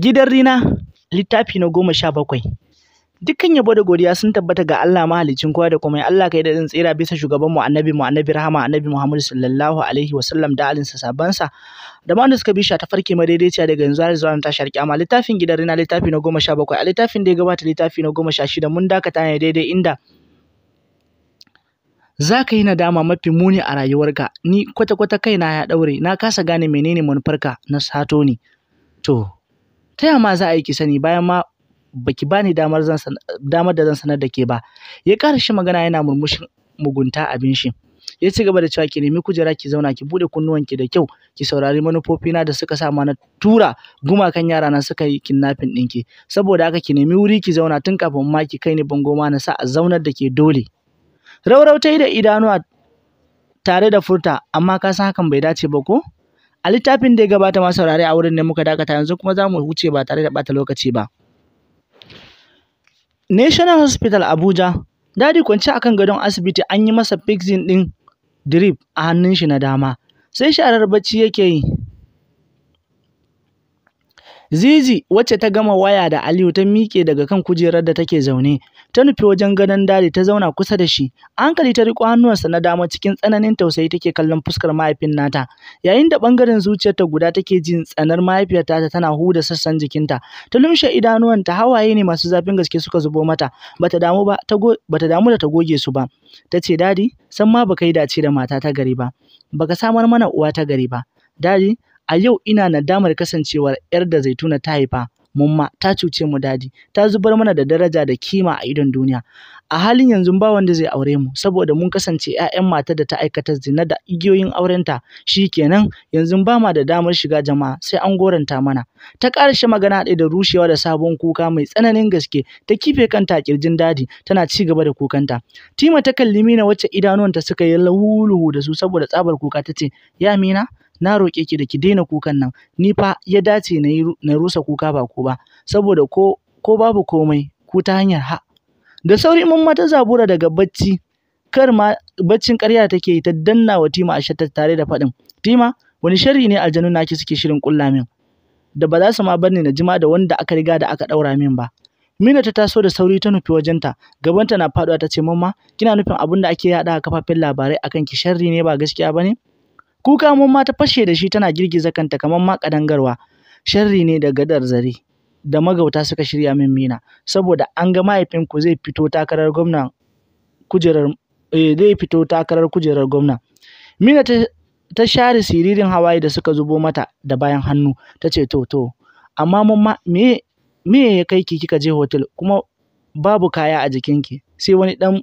Gidan Rina littafi na goma sha bakwai. Dukkan yabo da godiya sun tabbata ga Allah mahaliccin kowa da komai Allah kai da tsira bisa shugaban mu annabi mu annabi rahama annabi Muhammad sallallahu alaihi wa sallam da alinsa sabansa da ma suka bisha ta farke madaidaiciya daga yanzu har zuwa tashar kyama littafin gidan rina littafi na goma sha bakwai a littafin da ya gabata littafi na goma sha shida mun dakata ne daidai inda za ka yi nadama mafi muni a rayuwarka ni kwata-kwata kaina ya daure. na kasa gane menene manufarka na sato ne to ta yaya ma za a yi ki sani bayan ma ki bani damar zan damar da zan sanar da ke ba ya ƙara shi magana yana murmushin mugunta abin shi ya ci gaba da cewa ki nemi kujera ki zauna ki bude ki da kyau ki saurari manufofi na da suka sa ma na tura gumakan yara na suka yi kidnapping ɗinki saboda haka ki nemi wuri ki zauna tun kafin ma ki kai ni bango ma na sa a zaunar da ke dole raurau ta da idanuwa tare da furta amma ka san hakan bai dace ba ko a littafin da ya gabata masu saurare a wurin ne muka dakata yanzu kuma za mu wuce ba tare da bata lokaci ba national hospital abuja dadi kwance akan gadon asibiti an yi masa fixing din drip a hannun shi na dama sai sharar bacci yake yi zizi wacce ta gama waya da aliyu ta miƙe daga kan kujerar da take zaune ta nufi wajen gadon dadi ta zauna kusa da shi Ankali hankali ta riƙo hannuwansa na dama cikin tsananin tausayi take kallon fuskar mahaifin nata yayin da ɓangaren zuciyarta guda take jin tsanar mahaifiyarta tana huda sassan jikinta ta lumshe idanuwanta hawaye ne masu zafin gaske suka zubo mata bata damu ba ta bata damu da ta goge su ba ta ce dadi san ma baka yi dace da mata ta gari ba baka samar mana uwa ta gari ba dadi a yau ina nadamar kasancewar 'yar da zaituna ta haifa mun ta cuce mu dadi ta zubar mana da daraja da kima a idon duniya a halin yanzu ba wanda zai aure mu saboda mun kasance 'ya'yan matar da ta aikata zina da igiyoyin aurenta shikenan yanzu ba ma da damar shiga jama'a sai an goranta mana ta shi magana ɗaya da rushewa da sabon kuka mai tsananin gaske ta kife kanta a kirjin dadi tana ci gaba da kukanta tima ta kalli mina wacce idanuwanta suka yi lahuluhu da su saboda tsabar kuka ta ce ya mina na roƙe ki da ki daina kukan nan ni fa ya dace na yi na rusa kuka ba ku ba saboda ko ko babu komai ku ta hanyar ha da sauri mamma ta zabura daga bacci kar ma baccin ƙarya take ta danna wa Tima a shatta tare da faɗin Tima wani sharri ne aljanu naki suke shirin ƙulla min da ba za su ma bar ni na jima da wanda aka riga da aka ɗaura min ba Mina ta taso da sauri ta nufi wajenta, gabanta na faɗuwa ta ce, Mamma, kina nufin abin da ake yaɗa a kafafen labarai akan ki sharri ne ba gaskiya ba ne? kuka mamma ta fashe da shi tana girgiza kanta kamar ma kadangarwa sharri ne da gadar zare da magauta suka shirya min mina saboda an ga mahaifinku zai fito takarar gwamna kujerar eh, zai fito takarar kujerar gwamna mina ta ta share siririn hawaye da suka zubo mata da bayan hannu ta ce to to amma ma me me ya kai ki kika je hotel kuma babu kaya a jikinki sai wani dan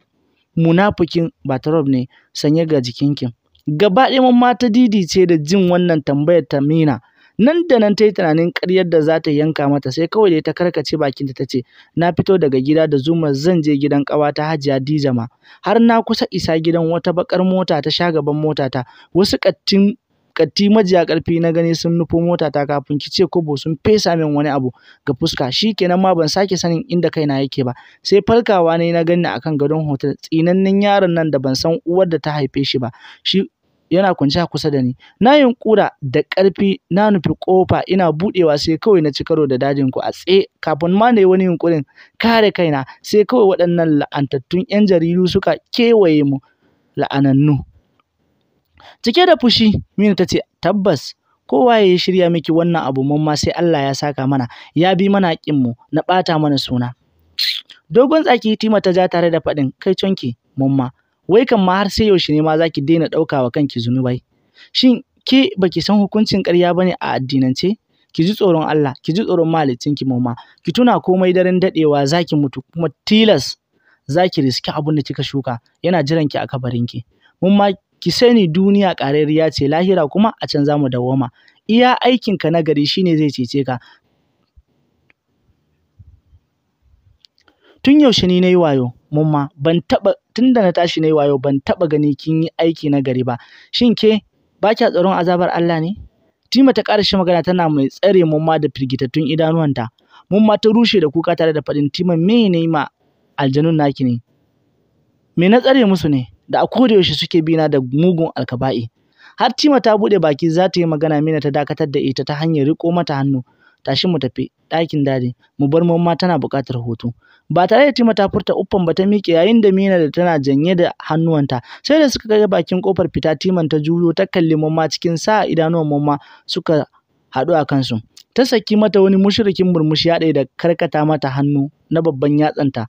munafikin batrob ne sanye ga jikinki Gaba ɗaya mamma ta didice da jin wannan tambayar ta Mina. Nan da nan ta yi tunanin ƙaryar da za ta yanka mata sai kawai dai ta karkace bakinta ta ce, Na fito daga gida da zumar zan je gidan ƙawata Hajiya Dijama. Har na kusa isa gidan wata bakar mota ta sha gaban motata. Wasu kattin katti majiya karfi na gani sun nufo motata kafin ki ce kobo sun fesa min wani abu ga fuska shi kenan ma ban sake sanin inda kaina yake ba sai farkawa ne na gani akan gadon hotel tsinannen yaron nan da ban san uwar da ta haife shi ba shi yana kwance a kusa da ni. Na yunkura da ƙarfi na nufi ƙofa ina buɗewa sai kawai na ci karo da ku a tsaye kafin ma na yi wani yunƙurin kare kaina sai kawai waɗannan la'antattun 'yan jaridu suka kewaye mu la'anannu. Cike da fushi Mina ta ce tabbas kowa ya yi shirya miki wannan abu mamma, sai Allah ya saka mana ya bi mana mu na ɓata mana suna. Dogon tsaki Tima ta ja tare da faɗin kai conki mun wai kan ma har sai yaushe ne ma zaki daina ɗaukawa wa kanki zunubai shin ke baki san hukuncin ƙarya bane a addinance ki ji tsoron Allah ki ji tsoron malicin ki mama ki tuna komai daren dadewa zaki mutu kuma tilas zaki riski abun da kika shuka yana jiran ki a kabarin ki mun ma ki sani duniya ƙarariya ce lahira kuma a can zamu dawoma. iya aikin ka na gari shine zai cece ka tun yaushe ni nayi wayo mun ma ban taba tun da na tashi na yi wayo ban taɓa gani kin yi aiki na gari ba. Shin ke ba kya tsoron azabar Allah ne? Tima ta ƙara magana tana mai tsare muma da firgitattun idanuwanta. ma ta rushe da kuka tare da faɗin Tima me ne ma aljanun naki ne? Me na tsare musu ne da a yaushe suke bina da mugun alkaba'i? Har Tima ta buɗe baki za ta yi magana Mina ta dakatar da ita ta hanyar riƙo mata hannu. tashi mu tafi ɗakin dadi mu bar mamma tana buƙatar hutu. Ba tare da Tima ta furta uffan ba ta miƙe yayin da Mina da tana janye da hannuwanta sai da suka kai bakin ƙofar fita Timan ta juyo ta kalli mamma cikin sa idanuwan mamma suka haɗu a kansu. Ta saki mata wani mushrikin murmushi ya da karkata mata hannu na babban yatsanta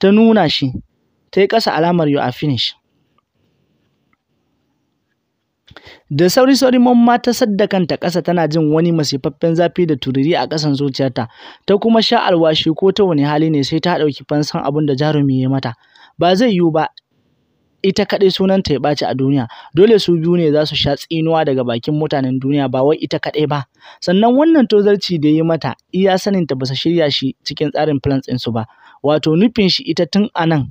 ta nuna shi ta yi ƙasa alamar you are finished. Da sauri sauri Mamma ta sadda kanta ƙasa tana jin wani masifaffen zafi da tururi a ƙasan zuciyarta, ta kuma sha alwashi ko ta wani hali ne sai ta ɗauki fansan abin da jarumi ya mata. Ba zai yiwu ba ita kaɗai sunanta ya ɓaci a duniya, dole su biyu ne za su sha tsinuwa daga bakin mutanen duniya ba wai ita kaɗai ba. Sannan wannan tozarci da ya yi mata iya saninta ba su shirya shi cikin tsarin plans ɗinsu ba, wato nufin shi ita tun anan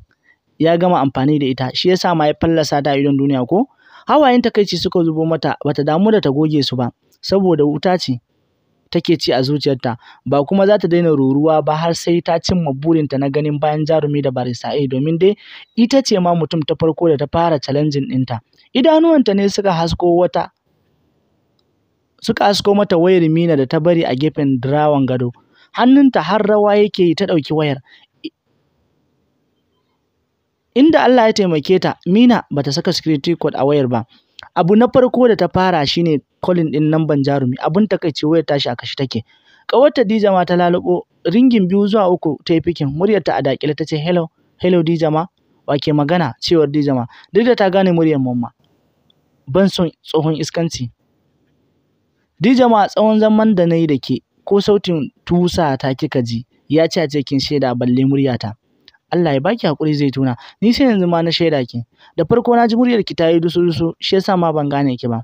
ya gama amfani da ita, shi yasa ma ya fallasa ta idon duniya ko? Hawayen takaici suka zubo mata bata damu da ta goge su ba saboda wuta ce take ci a zuciyarta ba kuma za ta daina ruruwa ba har sai ta cimma burinta na ganin bayan jarumi da barisa A domin dai ita ce ma mutum ta farko da ta fara challenging ɗinta. Idanuwanta ne suka hasko wata suka hasko mata wayar Mina da ta bari a gefen drawan gado. Hannunta har rawa yake yi ta ɗauki wayar. inda Allah ya taimake ta Mina bata saka security code a wayar ba abu na farko da ta fara shine calling din namban jarumi abun takaici wayar tashi a kashi take kawarta Dija ma ta lalubo ringin biyu zuwa uku ta yi fikin muryarta a dakile ta ce hello hello Dija ma wake magana cewar Dija ma duk da ta gane muryar mamma ban son tsohon iskanci Dija ma tsawon zaman da nayi yi da ke ko sautin tusa ta kika ji ya ce a kin shaida balle muryata Allah ya baki hakuri tuna. ni sai yanzu ma na shaida ki da farko na ji muryar ki ta yi dusu dusu shi yasa ma ban gane ki ba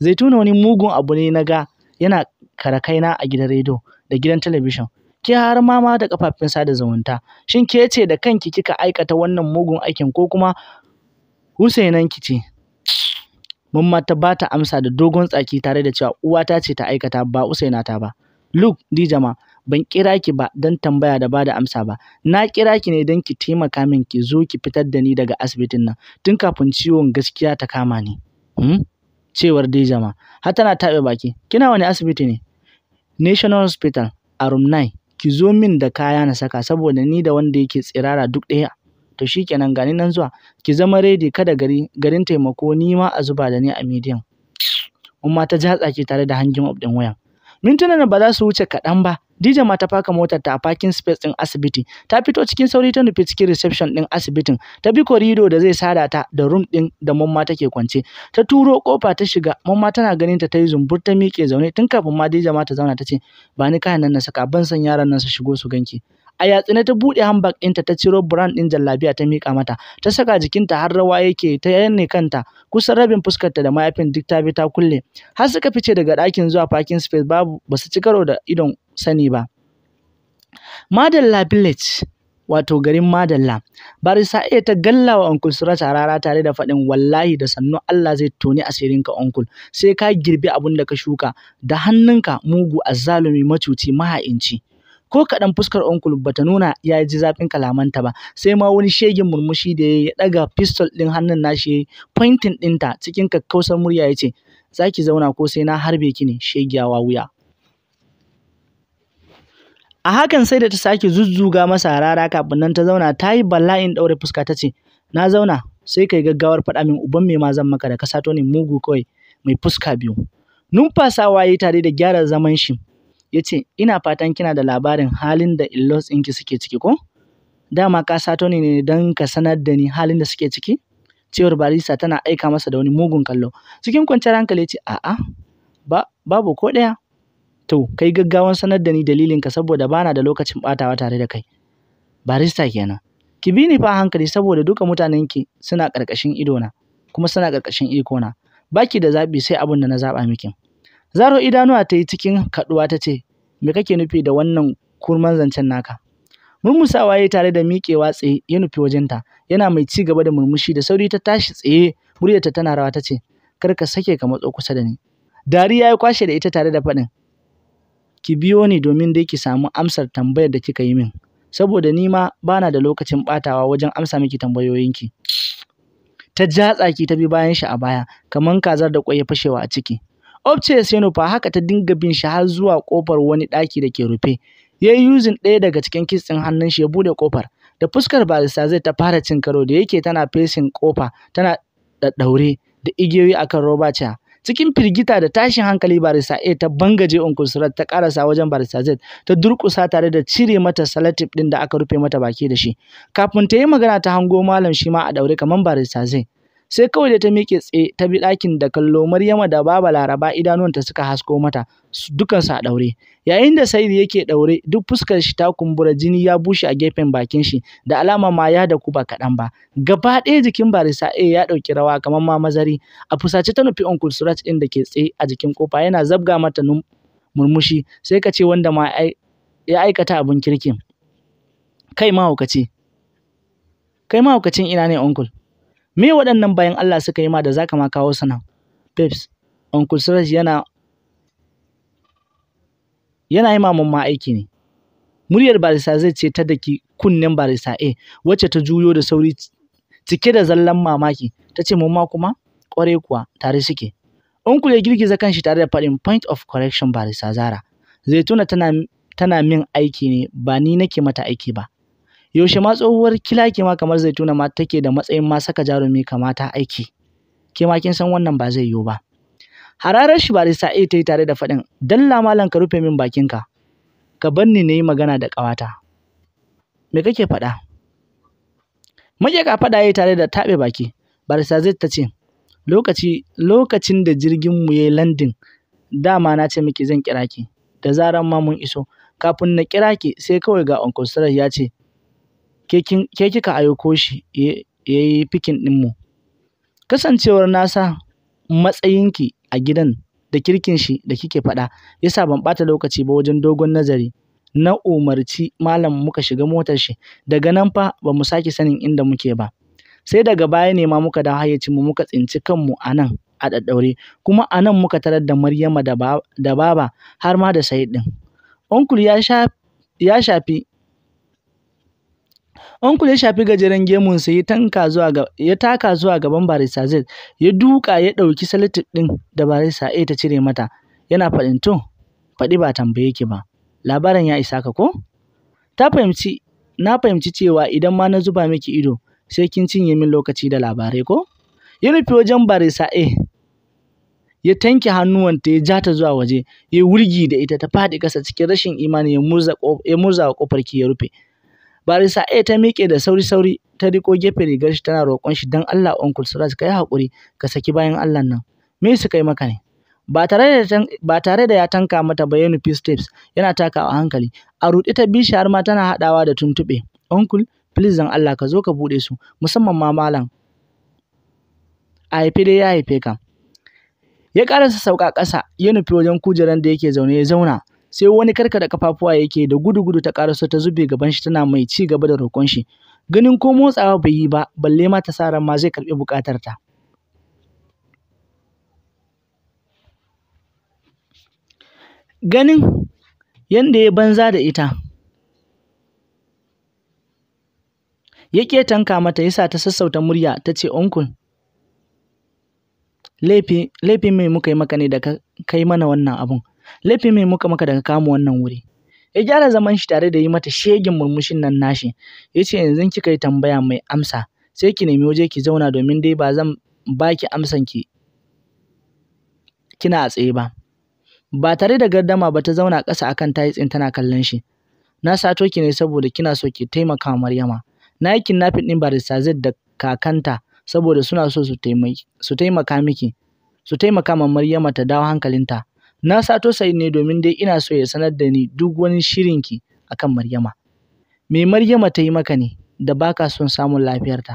Zai tuna wani mugun abu ne na ga yana karakaina a gidan rediyo da gidan talabijin ke har ma ma da kafafen sada zumunta shin ke ce da kanki kika aikata wannan mugun aikin ko kuma Husainan ki ce mun ma ta bata amsa da dogon tsaki tare da cewa uwata ce ta aikata ba husainata ta ba Luke jama'a. ban kira ki ba don tambaya da bada amsa ba na kira ki ne don ki taimaka min ki zo ki fitar da ni daga asibitin nan tun kafin ciwon gaskiya ta kama ni hmm? cewar Dijama har tana taɓe baki kina wani asibiti ne National Hospital a room 9 ki zo min da kaya na saka saboda ni da wanda yake tsirara duk ɗaya to shikenan gani nan zuwa ki zama ready kada gari garin taimako ni ma a zuba da ni a medium umma ta ji hatsaki tare da hangin up din wayan mintuna ba za su wuce kaɗan ba Dija ma ta faka motar ta a parking space din asibiti. Ta fito cikin sauri ta nufi cikin reception din asibitin. Ta bi korido da zai sada ta da room din da mamma ke kwance. Ta turo kofa ta shiga. Mamma tana ganin ta tayi zumbur ta miƙe zaune tun kafin ma Dija ma ta zauna ta ce ba ni kayan nan na saka ban san yaran nan su shigo su ganki. a yatsune ta buɗe handbag ɗinta ta ciro brand ɗin jallabiya ta miƙa mata ta saka jikinta har rawa yake ta yanne kanta kusan rabin fuskarta da mayafin duk ta bi ta kulle har suka fice daga ɗakin zuwa parking space babu ba su ci karo da idon sani ba madalla village wato garin Madalla. Barisa iya ta galla wa Uncle Suraj a rara tare da faɗin wallahi da sannu Allah zai toni asirin ka Uncle sai ka girbi abin da ka shuka da hannunka mugu azzalumi macuci maha'inci. ko kaɗan fuskar onkul bata nuna ya ji zafin kalamanta ba sai ma wani shegin murmushi da ya ɗaga pistol ɗin hannun nashi ya yi pointing ɗinta cikin kakkausar murya ya ce za ki zauna ko sai na harbe ki ne shegiyawa wuya a hakan sai da ta sake zuzzuga masa rara kafin nan ta zauna ta yi bala'in ɗaure fuska ta ce na zauna sai kai gaggawar faɗa min uban mai ma maka da ka sato ne mugu kawai mai fuska biyu numfasawa ya yi tare da gyara zaman shi ya ce, ina fatan kina da labarin halin da in-laws ɗinki suke ciki ko? Dama ka sato ni ne don ka sanar da ni halin da suke ciki? Cewar barista tana aika masa da wani mugun kallo. Cikin kwanciyar hankali ya ce, a'a, ba, babu ko ɗaya. To, kai gaggawan sanar da ni dalilinka saboda bana da lokacin ɓatawa tare da kai. Barista kenan. Ki bi ni fa hankali saboda duka mutanenki suna ƙarƙashin idona, kuma suna ƙarƙashin ikona. Baki da zaɓi sai abin da na zaɓa miki. Zaro idanuwa ta yi cikin kaɗuwa ta ce, Me kake nufi da wannan kurman zancen naka? Murmusawa ya yi tare da miƙewa tsaye ya nufi wajenta, yana mai ci gaba da murmushi da sauri ta tashi tsaye, muryarta tana rawa ta ce, Kar ka sake ka matso kusa da ni. Dari ya yi kwashe da ita tare da faɗin, Ki biyo ni domin dai ki samu amsar tambayar da kika yi min, saboda ni ma bana da lokacin ɓatawa wajen amsa miki tambayoyinki. Ta jatsaki ta bi bayan shi a baya, kamar kazar da ƙwai ya fashewa a ciki. Obce Senopa haka ta dinga bin shi har zuwa kofar wani daki da ke rufe. Yayi using ɗaya daga cikin kis hannun shi ya bude kofar. Da fuskar barista zai ta fara cin karo da yake tana fesin kofa tana ɗaure, da igiyoyi akan roba chair. cikin firgita da tashin hankali barista A ta bangaje Uncle ta karasa wajen barista Z ta durƙusa tare da cire mata salatif ɗin da aka rufe mata baki da shi kafin ta yi magana ta hango malam shi ma a daure kamar barista Z sai kawai da ta miƙe tsaye ta bi ɗakin da kallo Maryama da Baba Laraba idanuwanta suka hasko mata dukansu a ɗaure. Yayin da saidi yake ɗaure duk fuskar shi ta kumbura jini ya bushe a gefen bakin shi da alama ma ya da ba kaɗan ba. Gaba ɗaya jikin barisa A ya ɗauki rawa kamar ma mazari. A fusace ta nufi Uncle Surat ɗin da ke tsaye a jikin kofa yana zabga mata murmushi sai ka ce wanda ma ya aikata abin kirkin. Kai mahaukaci. Kai mahaukacin ina ne Uncle? me waɗannan bayan Allah suka yi ma da ka ma kawo su nan babes uncle Suraj yana yana yi mamun ma aiki ne muryar barisa zai ce ta daki kunnen barista A eh, wacce ta juyo da sauri cike da zallan mamaki ta ce mun kuma ƙware kuwa tare suke uncle ya girgiza kan shi tare da faɗin point of correction barisa Zara zaituna tana tana min aiki ne ba ni nake mata aiki ba yaushe ma tsohuwar ke ma kamar zaituna ma take da matsayin ma saka jarumi kamata aiki ke ma kin san wannan ba zai yiwu ba hararar shi barista sa ta yi tare da faɗin dalla malam ka rufe min bakinka ka bar ni na yi magana da ƙawata me kake faɗa ka faɗa ya yi tare da taɓe baki barista zai tace ce lokaci lokacin da jirgin mu ya yi landin dama na ce miki zan kira ki da zaran ma mun iso kafin na kira ki sai kawai ga uncle ya ce ke kika aiko shi ya yi fikin ɗinmu. Kasancewar nasa, matsayinki a gidan da kirkin shi da kike faɗa, ya sa ban ɓata lokaci ba wajen dogon nazari. Na umarci malam muka shiga motar shi, daga nan fa ba mu sake sanin inda muke ba. Sai daga baya ne ma muka dawo hayyacinmu muka tsinci kanmu a nan a ɗaɗɗaure, kuma a nan muka tarar da Maryama da Baba har ma da Said ɗin. Onkul ya shafi Uncle ya shafi gajeren gemunsa ya taka zuwa gaban barista Z, ya duka ya ɗauki salatif ɗin da barista A ta cire mata, yana fadin to, faɗi ba tambaye ki ba, labarin ya isa ka ko? Ta fahimci, na fahimci cewa idan ma na zuba miki ido, sai kin cinye min lokaci da labarai ko? Ya rufe wajen barista A, ya tanke hannuwanta ya ja ta zuwa waje, ya wurgi da ita ta faɗi ƙasa cikin rashin imani ya murza ki ya rufe. Barisa A ta miƙe da sauri-sauri ta riko gefe rigar shi tana roƙon shi don Allah Uncle Suraj ka yi haƙuri ka saki bayan Allah nan. Me su kai maka ne? Ba tare da ya tanka mata ba ya nufi steps yana takawa hankali. A ruɗe ta bishi har ma tana haɗawa da tuntuɓe. Uncle please dan Allah ka zo ka buɗe su musamman ma malam. A haife dai ya haife ka. Ya ƙarasa sauka ƙasa ya nufi wajen kujeran da yake zaune ya zauna sai wani karkada kafafuwa yake da gudu-gudu ta karaso ta zube gaban shi tana mai ci gaba da roƙon shi ganin ko motsawa bai yi ba balle ma ta sa ran ma zai karɓi buƙatar ta ganin yanda ya banza da ita ya tanka mata yasa ta sassauta murya ta ce uncle laifi mai muka yi maka ne da kai mana wannan abun laifi mai muka maka daga kama wannan wuri ya gyara zaman shi tare da yi mata shegin murmushin nan nashi ya ce yanzu kika yi tambaya mai amsa sai ki nemi waje ki zauna domin dai ba zan ba ki amsan ki kina a tsaye ba ba tare da gardama ba ta zauna ƙasa akan tayitsin tana kallon shi na sato ki ne saboda kina so ki taimaka wa Maryama na yi kidnapping din barista zai da kakanta saboda suna so su taimaka miki su taimaka ma Maryama ta dawo hankalinta Na sato Sa'id ne domin dai ina so ya sanar da ni duk wani shirinki a kan Maryama. Me Maryama ta yi maka ne da ba ka son samun lafiyarta?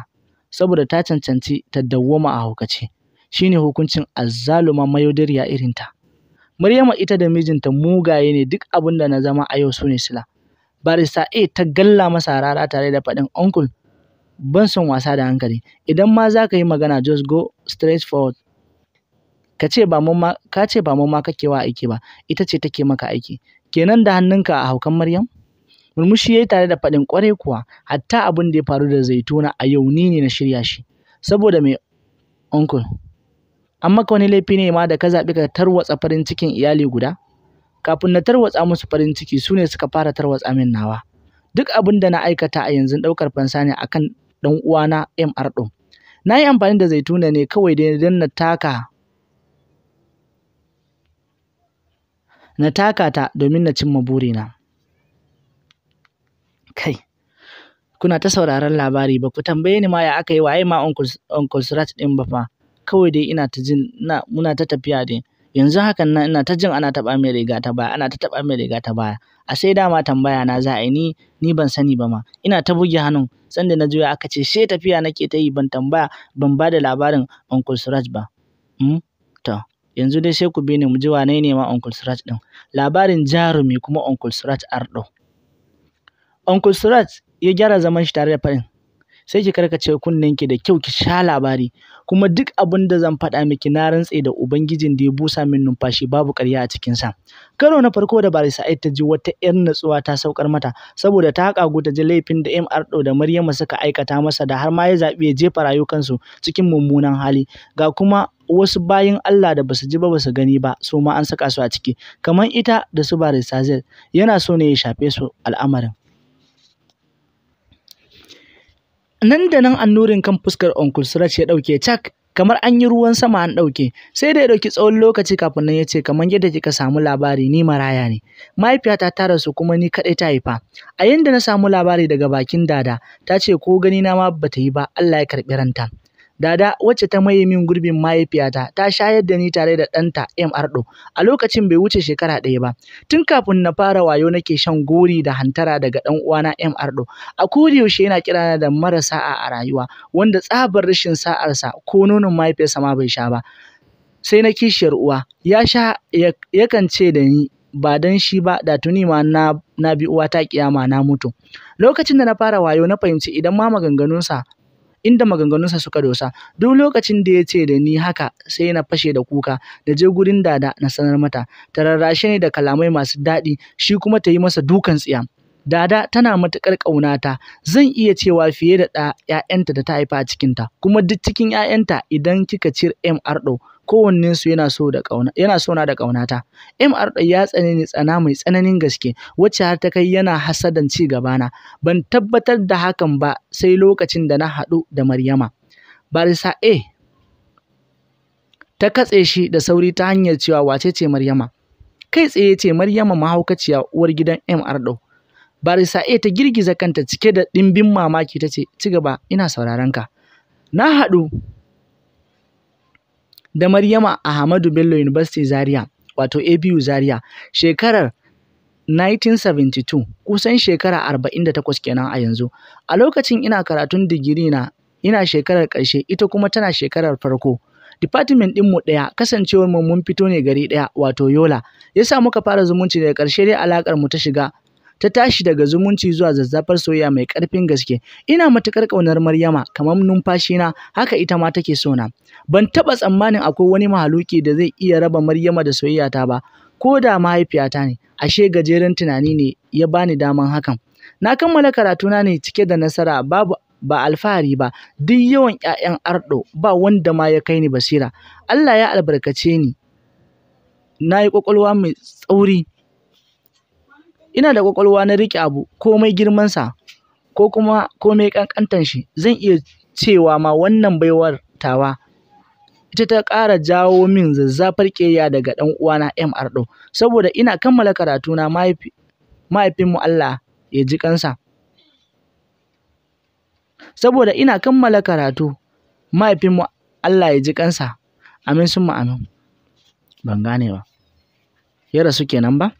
Saboda ta cancanci ta dawwama a haukace. Shi ne hukuncin azzaluma mayaudariya ta. Maryama ita da mijinta mugaye ne duk abin da na zama a yau sune ne sila. Barista A ta galla masa rara tare da faɗin uncle ban son wasa da hankali. Idan ma za ka yi magana just go straight forward ka ce ba mun ma ka ce ba mun ma kake wa aiki ba ita ce take maka aiki kenan da hannunka a haukan Maryam murmushi yayi tare da faɗin kware kuwa hatta abin da ya faru da zaituna a yau ni ne na shirya shi saboda mai uncle an maka wani laifi ne ma da ka zaɓi ka tarwatsa farin cikin iyali guda kafin na tarwatsa musu farin ciki su ne suka fara tarwatsa min nawa duk abin da na aikata a yanzu ɗaukar fansa ne akan ɗan uwana MR ɗin na yi amfani da zaituna ne kawai dai don na taka na taka ta domin na cimma burina kai kuna ta sauraron labari ba ku tambaye ni ma ya aka yi waye ma uncle din ba fa kawai dai ina ta jin na muna ta tafiya dai yanzu hakan nan ina ta jin ana taɓa mai riga ta baya ana ta taɓa mai riga ta baya a sai dama tambaya na za a yi ni ban sani ba ma ina ta buge hannun sanda na juya aka ce she tafiya nake ta yi ban tambaya ban ba da labarin uncle ba hmm? to Yanzu dai sai ku bi ni mu ji wane ne ma Uncle Suraj ɗin. Labarin jarumi kuma Uncle Suraj Ardo. Uncle Suraj ya gyara zaman shi tare da faɗin. Sai ki karkace ki da kyau ki sha labari kuma duk abin da zan faɗa miki na rantse da Ubangijin da ya busa min numfashi babu ƙarya a cikin sa Karo na farko da Barisa Sa'id ta ji wata ƴar natsuwa ta saukar mata saboda ta haƙa ta ji laifin da MR da Maryama suka aikata masa da har ma ya zaɓi ya jefa rayukansu cikin mummunan hali. Ga kuma wasu bayan Allah da basu ji ba basu gani ba su ma an saka su a ciki kamar ita da su bari Z yana so ne ya shafe su al'amarin nan da nan annurin kan fuskar Uncle Suraj ya dauke cak kamar an yi ruwan sama an ɗauke sai da ya dauki tsawon lokaci kafin nan ya ce kamar yadda kika samu labari ni maraya ne mahaifiyata ta rasu kuma ni kadai ta haifa a yanda na samu labari daga bakin dada ta ce ko gani na ma bata yi ba Allah ya karɓi ranta Dada, wacce ta maye min gurbin mahaifiyata, ta shayar da ni tare da ɗanta M. Ardo a lokacin bai wuce shekara ɗaya ba. Tun kafin na fara wayo nake shan gori da hantara daga ɗan uwana M. Ardo. A yaushe yana kirana da mara sa'a a rayuwa, wanda tsabar rashin sa'arsa ko nonon mahaifiyarsa ma bai sha ba. Sai na kishiyar uwa, ya sha yakan ce da ni ba dan shi ba da tuni ma na, na bi ta kiyama na mutu. Lokacin da na fara wayo na fahimci idan ma maganganunsa inda maganganunsa suka dosa. Duk lokacin da ya ce da ni haka sai na fashe da kuka, da je gurin dada na sanar mata, ta rarrashe ni da kalamai masu daɗi, shi kuma ta yi masa dukan tsiya. Dada tana matuƙar ƙaunata, zan iya cewa fiye da ɗa ‘ya'yanta da ta haifa a cikinta, kuma duk cikin ‘ya'yanta idan kika cire MR ɗo. kowannen su yana so da kauna yana so na da ƙaunata MR da ya tsane ni tsana mai tsananin gaske wacce har ta kai yana hasadan ci gabana ban tabbatar da hakan ba sai lokacin da na haɗu da Maryama Barisa A eh, ta katse shi da sauri ta hanyar cewa wace ce Maryama kai tsaye ce Maryama mahaukaciya uwar gidan MR ɗau Barisa A eh, ta girgiza kanta cike da ɗimbin mamaki ta Ci gaba, ina sauraron ka. Na haɗu da Maryama Ahmadu Bello University Zaria wato ABU Zaria shekarar 1972 kusan shekara 48 kenan a yanzu. A lokacin ina karatun digiri na ina shekarar ƙarshe ita kuma tana shekarar farko. Department ɗinmu ɗaya kasancewar mu mun fito ne gari ɗaya wato Yola. Yasa muka fara zumunci daga ƙarshe dai alakar mu ta shiga ta tashi daga zumunci zuwa zazzafar soyayya mai ƙarfin gaske. Ina matuƙar ƙaunar Maryama kamar numfashina haka ita ma take so na. Ban taɓa tsammanin akwai wani mahaluki da zai iya raba Maryama da soyayyata ba, ko da mahaifiyata ne, ashe gajeren tunani ne ya bani daman hakan. Na kammala karatuna ne cike da nasara babu ba alfahari ba duk yawan 'ya'yan arɗo ba wanda ma ya kai ni basira Allah ya albarkace ni na yi ƙwaƙwalwa mai tsauri ina da ƙwaƙwalwa na riƙe abu komai girmansa ko kuma komai ƙanƙantan shi zan iya cewa ma wannan baiwar tawa ita ta ƙara jawo min zazzafar ƙeya daga ɗan uwana M Ardo saboda ina kammala karatuna mahaifi mahaifinmu Allah ya ji kansa saboda ina kammala karatu mahaifinmu Allah ya ji kansa amin sun amin ban gane ba ya rasu kenan ba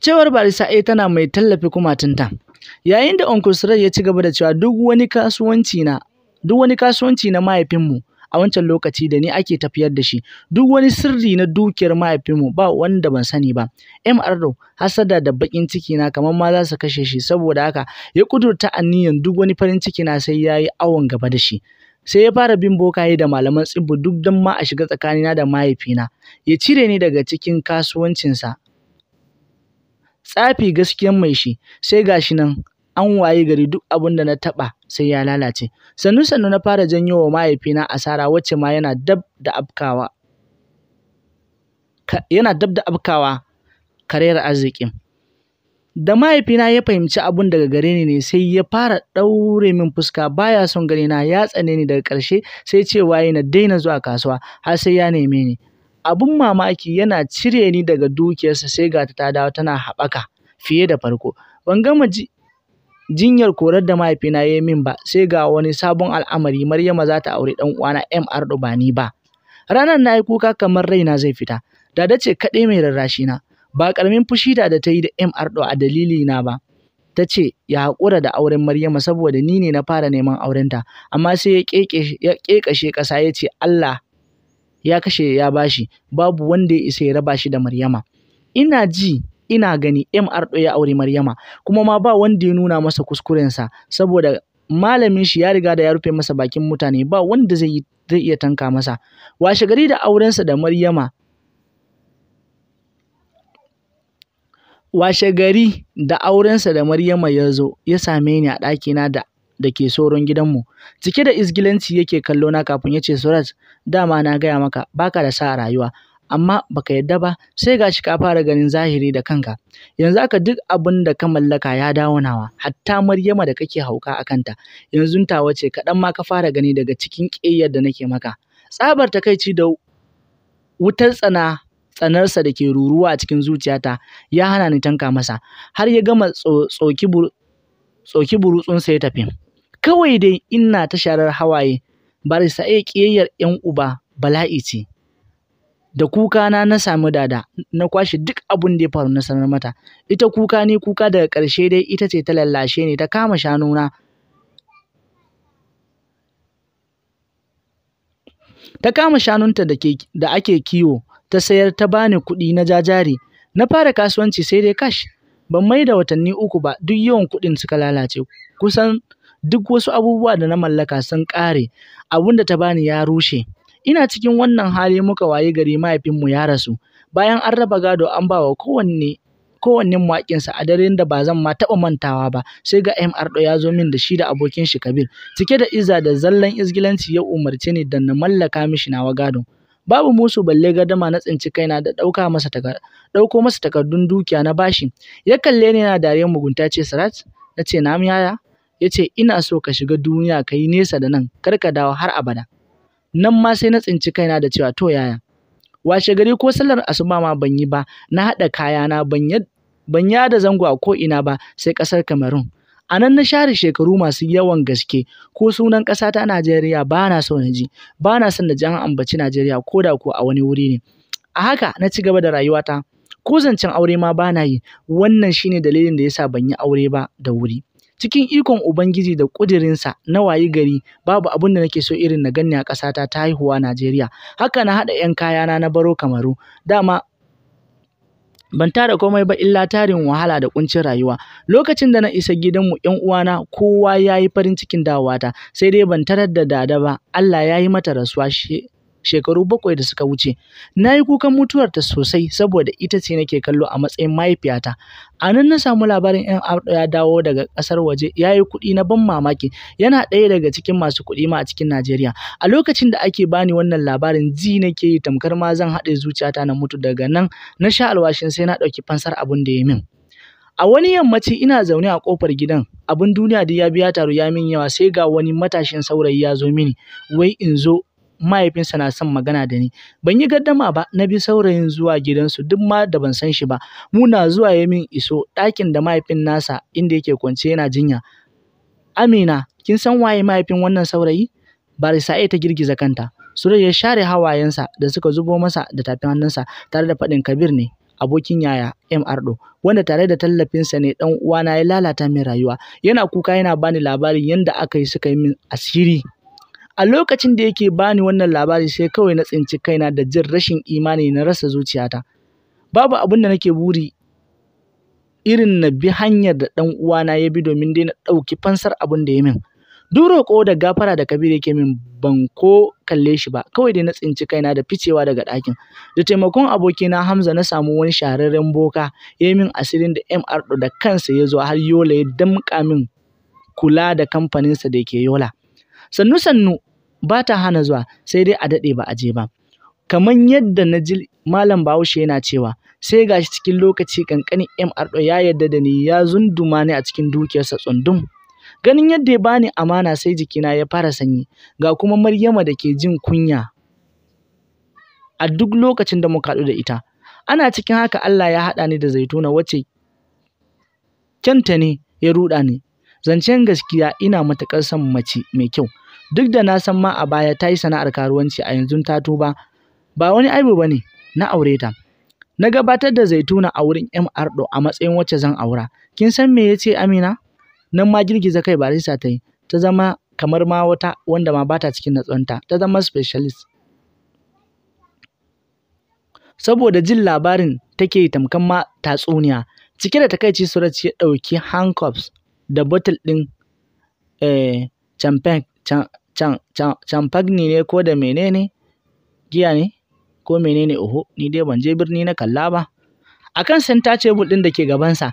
cewar barisa A tana mai tallafi kumatunta. Yayin da Uncle Surai ya ci gaba da cewa duk wani kasuwanci na mahaifinmu a wancan lokaci da ni ake tafiyar da shi duk wani sirri na dukiyar mahaifinmu ba wanda ban sani ba MRO hasada da bakin ciki na kamar ma za su kashe shi saboda haka ya kudurta aniyan duk wani farin ciki na sai ya yi awon gaba da shi sai ya fara bin bokaye da malaman tsibbu duk don ma a shiga tsakanina da mahaifina ya cire ni daga cikin kasuwancinsa Tsafi gaskiyan mai shi, sai gashi nan an waye gari duk abin da na taba sai ya lalace. Sannu sannu na fara janyo wa mahaifina asara wacce ma yana dab da afkawa. Yana dab da afkawa karayar arzikin. Da mahaifina ya fahimci abun daga gare ni ne sai ya fara ɗaure min fuska baya son gani na ya tsane ni daga ƙarshe sai cewa na daina zuwa kasuwa har sai ya neme ni. abun mamaki yana cire ni daga dukiyarsa sai ga ta dawo tana haɓaka fiye da farko. Ban gama jinyar korar da mahaifina ya yi min ba sai ga wani sabon al'amari Maryama za ta aure ɗan uwana M.R dubani ba. Ranar na yi kuka kamar raina zai fita. Dada ce kaɗai mai rarrashi na. Ba ƙaramin fushi da ta yi da M.R a dalili na ba. ta ce ya haƙura da auren Maryama saboda ni ne na fara neman aurenta, amma sai ya ƙeƙashe ƙasa ya ce Allah ya kashe ya bashi babu wanda ya isa ya raba shi da Maryama ina ji ina gani MR ɗo ya aure Maryama kuma ma ba wanda ya nuna masa kuskuren sa saboda malamin shi ya riga da ya rufe masa bakin mutane ba wanda zai zai iya tanka masa washe gari da aurensa da Maryama washe gari da aurensa da Maryama ya zo ya same ni a ɗakina da da ke soron gidanmu cike da izgilanci yake kallo na kafin ya ce suraj dama na gaya maka baka da sa a rayuwa amma baka yadda ba sai ga shi ka fara ganin zahiri da kanka yanzu haka duk abin da ka mallaka ya dawo nawa hatta maryama da kake hauka a kanta yanzu ta wace kaɗan ma ka fara gani daga cikin ƙiyayyar da nake maka tsabar takaici da wutar tsana tsanarsa da ke ruruwa a cikin zuciyata ya hana ni tanka masa har ya gama tsoki burutsunsa ya tafi kawai dai ina ta sharar hawaye sa iya ƙiyayyar 'yan uba bala'i ce da kuka na na sami dada na kwashe duk abin da ya faru na sanar mata ita kuka ne kuka daga ƙarshe dai ita ce ta lallashe ne, ta kama shanuna ta kama shanunta da ake kiwo ta sayar ta bani kuɗi na jajari na fara kasuwanci sai dai kash ban mai da watanni uku ba duk yawan kuɗin suka lalace kusan duk wasu abubuwa da na mallaka sun kare. abun da ta bani ya rushe. Ina cikin wannan hali muka waye gari mahaifinmu ya rasu. Bayan an raba gado an ba wa kowanne kowannen a daren da ba zan ma taɓa mantawa ba sai ga MR ɗo ya zo min da shi da abokin shi Kabir cike da izza da zallan izgilanci ya umarce ni da na mallaka mishi nawa gado babu musu balle gardama na tsinci kaina da ɗauka masa ɗauko masa takardun dukiya na bashi ya kalle ni na dariyar mugunta ce Sarat na ce na yaya ya ce ina so ka shiga duniya ka yi nesa da nan kar ka dawo har abada nan ma sai na tsinci kaina da cewa to yaya washe gari ko sallar asuba ma ban yi ba na haɗa kayana ban da zango a ko ina ba sai ƙasar Kamerun. a nan na share shekaru masu yawan gaske ko sunan ƙasa ta Najeriya ba na so na ji ba na son na ji an ambaci Najeriya ko da ko a wani wuri ne a haka na ci gaba da rayuwata ko zancen aure ma ba na yi wannan shine dalilin da yasa ban yi aure ba da wuri Cikin ikon Ubangiji da ƙudirinsa na wayi gari babu abin da nake so irin na ganni a ƙasata ta haihuwa Najeriya. Haka na haɗa 'yan kayana na baro Kamaru. Dama ban tara komai ba illa tarin wahala da kuncin rayuwa. Lokacin da na isa gidanmu yan uwana kowa ya yi farin cikin dawata sai dai ban tarar da Dada ba, Allah ya yi mata rasuwa shekaru bakwai da suka wuce. Na yi kukan mutuwarta sosai saboda ita ce nake kallo a matsayin mahaifiyata. A nan na samu labarin ‘yan ardo ya dawo daga kasar waje ya yi kuɗi na ban mamaki yana ɗaya daga cikin masu kuɗi ma a cikin Najeriya. A lokacin da ake bani wannan labarin ji nake yi tamkar ma zan haɗe zuciyata na mutu daga nan na sha alwashin sai na ɗauki fansar abin da ya min. A wani yammaci ina zaune a kofar gidan, abin duniya da ya biya taro ya min yawa sai ga wani matashin saurayi ya zo mini, wai in zo mahaifinsa na son magana da ni ban yi gaddama ba na bi saurayin zuwa gidansu duk ma da ban san shi ba muna zuwa ya min iso ɗakin da mahaifin nasa inda yake kwance yana jinya Amina kin san waye mahaifin wannan saurayi Barisa ta girgiza kanta Surai ya share hawayensa da suka zubo masa da tafin hannunsa tare da faɗin Kabir ne abokin yaya M Ardo wanda tare da tallafinsa ne ɗan uwana ya lalata min rayuwa yana kuka yana bani labarin yanda aka yi suka yi min asiri A lokacin da yake bani wannan labari sai kawai na tsinci kaina da jin rashin imani na rasa zuciyata. Babu abin da nake buri irin na bi hanyar da ɗan uwana ya bi domin dai na ɗauki fansar abin da ya min. Duk roƙo da gafara da Kabiru yake min ban ko kalle shi ba, kawai dai na tsinci kaina da ficewa daga ɗakin. Da taimakon abokina Hamza na samu wani shahararren boka ya min asirin da MR da kansa ya zo har Yola ya damƙa min kula da kamfaninsa da ke Yola. Sannu sannu ba ta hana zuwa sai dai a daɗe ba a je ba. Kamar yadda na ji Malam Bahaushe yana cewa, sai ga shi cikin lokaci kankani M. ya yarda da ni ya zunduma ni a cikin dukiyarsa tsundum. Ganin yadda ya bani amana sai jikina ya fara sanyi, ga kuma Maryama da ke jin kunya a duk lokacin da muka haɗu da ita. Ana cikin haka Allah ya haɗa ni da Zaituna wacce kyanta ne ya ruɗa ni. Zancen gaskiya ina matuƙar son mace mai kyau. duk da na san ma a baya ta yi sana'ar karuwanci a yanzu ta tuba ba wani aibu ba ne na aure ta na gabatar da zaituna a wurin yan ardo a matsayin wacce zan aura kin san me ya ce amina nan ma girgiza kai ba risa ta yi ta zama kamar ma wata wanda ma bata cikin natsuwanta ta zama specialist saboda jin labarin take tamkan ma tatsuniya cike da takaici surat ya ɗauki handcuffs da bottle ɗin eh, champagne camfagni ne ko da mene giya ne ko mene oho, ni dai ban je birni na kalla ba. A kan center table ɗin da ke gabansa,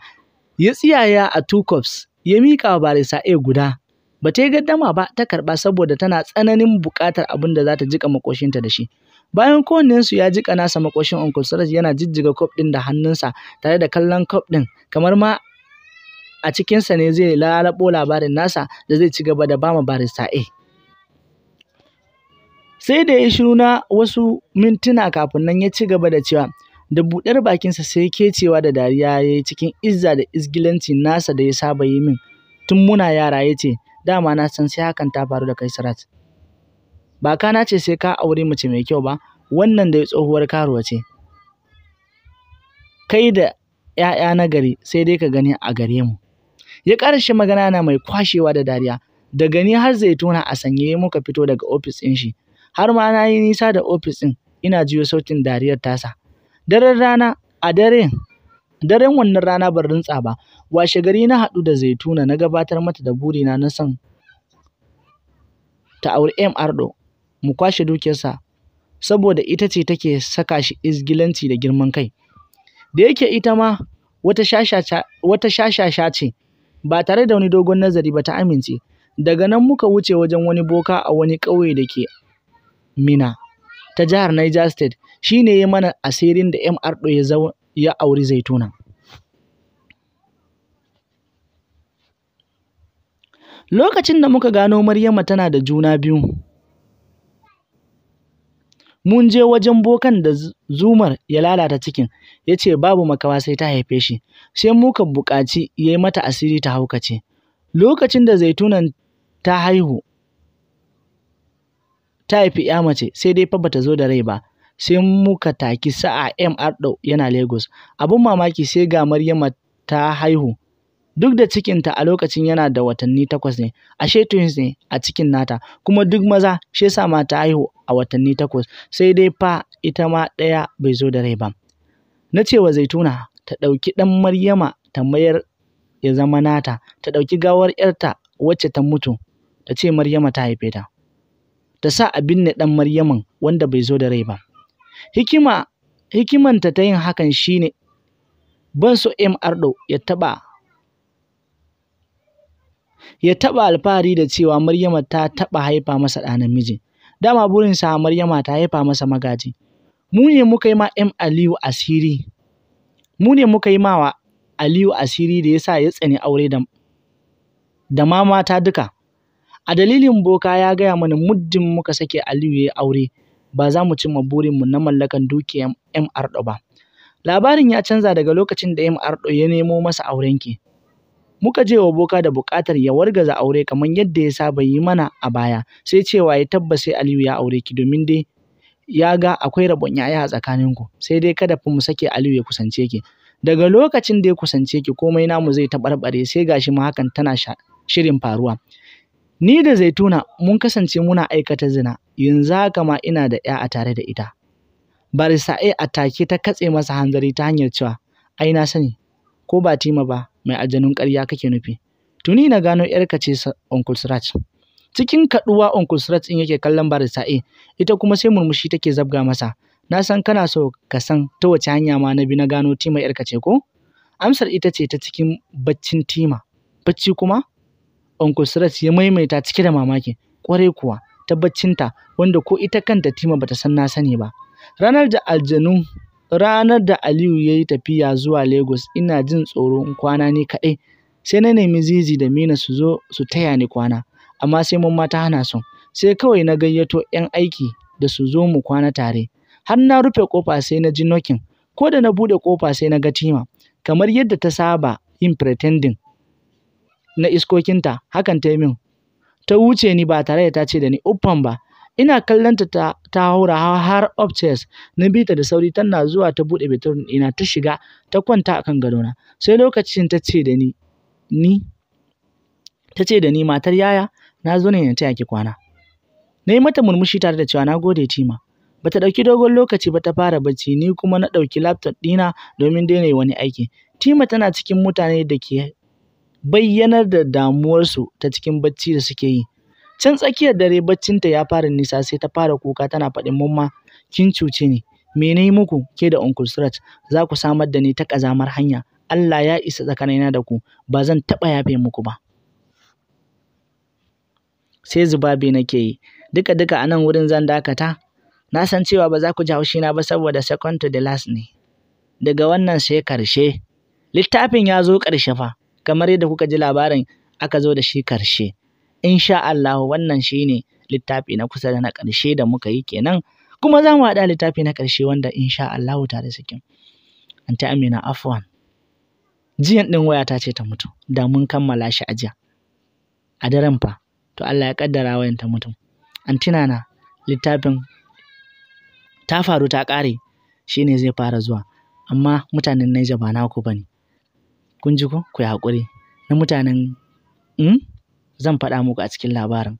ya tsiyaya a two cups, ya miƙa wa barisa A guda. Ba ta yi gaddama ba ta karba, saboda tana tsananin buƙatar abin da za ta jiƙa maƙoshinta da shi. Bayan su ya jiƙa nasa maƙoshin Uncle Suraj yana jijjiga cup ɗin da hannunsa tare da kallon cup ɗin kamar ma a cikinsa ne zai lalabo labarin nasa da zai ci gaba da bama barista A. Sai da ya shiru na wasu mintuna kafin nan ya ci gaba da cewa da buɗar bakinsa sai kecewa da dariya ya yi cikin izza da izgilanci nasa da ya saba yi min tun muna yara ya ce dama na san sai hakan ta faru da kai Sirat. Ba kana ce sai ka aure mace mai kyau ba wannan da ya tsohuwar karuwa ce. Kai da ‘ya'ya na gari sai dai ka gani a gare mu. ya ƙara shi magana na mai kwashewa da dariya Daga ni har zaituna a sanye muka fito daga ofis ɗin shi har ma na yi nisa da ofis ɗin ina jiyo sautin dariyar tasa daren rana a daren daren wannan rana ban rintsa ba washe gari na haɗu da zaituna na gabatar mata da burina na son ta auri m ardo mu kwashe dukiyarsa saboda ita ce take saka shi izgilanci da girman kai da yake ita ma wata shashasha ce ba tare da wani dogon nazari ba ta amince. Daga nan muka wuce wajen wani boka a wani ƙauye da ke Mina ta jihar Niger State. Shi ne ya mana asirin da M ɗo ya auri Zaituna. Lokacin da muka gano Maryama tana da juna biyu, Mun je wajen bokan da zumar ya lalata cikin, ya ce babu makawa sai ta haife shi, sai muka buƙaci ya yi mata asiri ta haukace. Lokacin da zaitunan ta haihu, ta haifi ‘ya mace sai dai fa bata zo da rai ba. Sai muka taki sa'a M yana Lagos. Abin mamaki sai ga Maryama ta haihu duk da cikinta a lokacin yana da watanni takwas ne ashe twins ne a cikin nata kuma duk maza shi yasa mata haihu a watanni takwas sai dai fa ita ma ɗaya bai zo da rai ba na cewa zaituna ta ɗauki ɗan maryama ta mayar ya zama nata ta ɗauki gawar ‘yarta wacce ta mutu ta ce maryama ta haife ta ta sa a binne ɗan maryaman wanda bai zo da rai ba hikima hikimanta ta yin hakan shine ban so M Ardo ya taɓa ya taɓa alfahari da cewa Maryama ta taɓa haifa masa ɗa namiji. Dama burinsa Maryama ta haifa masa magaji. Mu ne muka yi ma M Aliyu asiri. Mu ne muka yi mawa Aliyu asiri da yasa ya tsani aure da da ma mata duka. A dalilin boka ya gaya mana muddin muka sake Aliyu ya aure ba za mu cimma burinmu na mallakan dukiyar M Ardo ba. Labarin ya canza daga lokacin da M Ardo ya nemo masa aurenki. Muka je wa boka da buƙatar ya wargaza aure kamar yadda ya saba yi mana a baya, sai cewa ya tabbace Aliyu ya aure ki domin dai ya ga akwai rabon 'ya'ya a tsakanin ku sai dai kada fa mu sake Aliyu ya kusance ki. Daga lokacin da ya kusance ki komai namu zai taɓarɓare sai gashi ma hakan tana shirin faruwa. Ni da Zaituna mun kasance muna aikata zina, yanzu haka ma ina da 'ya a tare da ita. Barisa A a take ta katse masa hanzari ta hanyar cewa, ai na sani, ko ba Tima ba, mai ajanun ƙarya kake nufi tuni na gano yarka ce uncle srach cikin kaduwa uncle srach in yake kallon barista e ita kuma sai murmushi take zabga masa na san kana so ka san ta wace hanya ma na bi na gano tima yarkace ce ko amsar ita ce ta cikin baccin tima bacci kuma uncle srach ya maimaita cike da mamaki kwarai kuwa ta baccinta wanda ko ita kanta tima bata san na sani ba ranar da aljanu Ranar da Aliyu ya yi tafiya zuwa Lagos, ina jin tsoro in kwana ni kaɗai. Sai na nemi Zizi da Mina su zo su taya ni kwana, amma sai mun mata hana su. Sai kawai na gayyato 'yan aiki da su zo mu kwana tare. Har na rufe ƙofa sai na ji nokin, Ko da na buɗe ƙofa sai na ga Tima, kamar yadda ta saba yin pretending na iskokinta, hakan ta yi min. Ta wuce ni ba tare da ta ce da ni uffan ba. Ina kallonta ta, ta haura har upstairs. Na bi ta da sauri tana zuwa ta buɗe bedroom ina ta shiga ta kwanta akan gado gadona. Sai lokacin ta ce da ni, ni, ta ce da ni matar yaya na zo ne na taya ki kwana. Na yi mata murmushi tare da cewa na gode Tima. Bata ta ɗauki dogon lokaci ba ta fara bacci ni kuma na ɗauki laptop ɗina domin daina yi wani aiki. Tima tana cikin mutane da ke bayyanar da damuwarsu ta cikin bacci da suke yi. Can tsakiyar dare baccinta ya fara nisa sai ta fara kuka tana faɗin mumma kin cuce ni. Me nayi muku ke da Uncle Stretch za ku samar da ni ta ƙazamar hanya. Allah ya isa tsakanina da ku ba zan taɓa yafe muku ba. Sai zubabe nake yi. Duka duka anan wurin zan dakata. Na san cewa ba za ku ji haushina ba saboda second to the last ne. Daga wannan sai karshe. Littafin ya zo karshe fa, kamar yadda kuka ji labarin aka zo da shi karshe. insha Allah wannan shine littafi na kusa da na ƙarshe da muka yi kenan kuma za mu haɗa littafi na ƙarshe wanda insha Allah tare suke Anta Amina afwan jiyan ɗin ta ce ta mutu da mun kammala shi a jiya a daren fa to Allah ya kaddara wayan ta mutu antina na littafin ta faru ta ƙare shine zai fara zuwa amma mutanen Niger ba naku bane kun ji ko ku yi haƙuri na mutanen mm? zan faɗa muku a cikin labarin